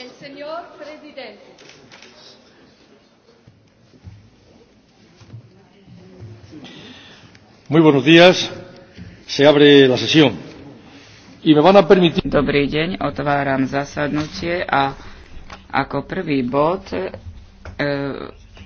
el señor presidente. Muy buenos días. Se abre la sesión. Y me van a permitir... Dobrý deň, otváram zasadnutie a ako prvý bod e,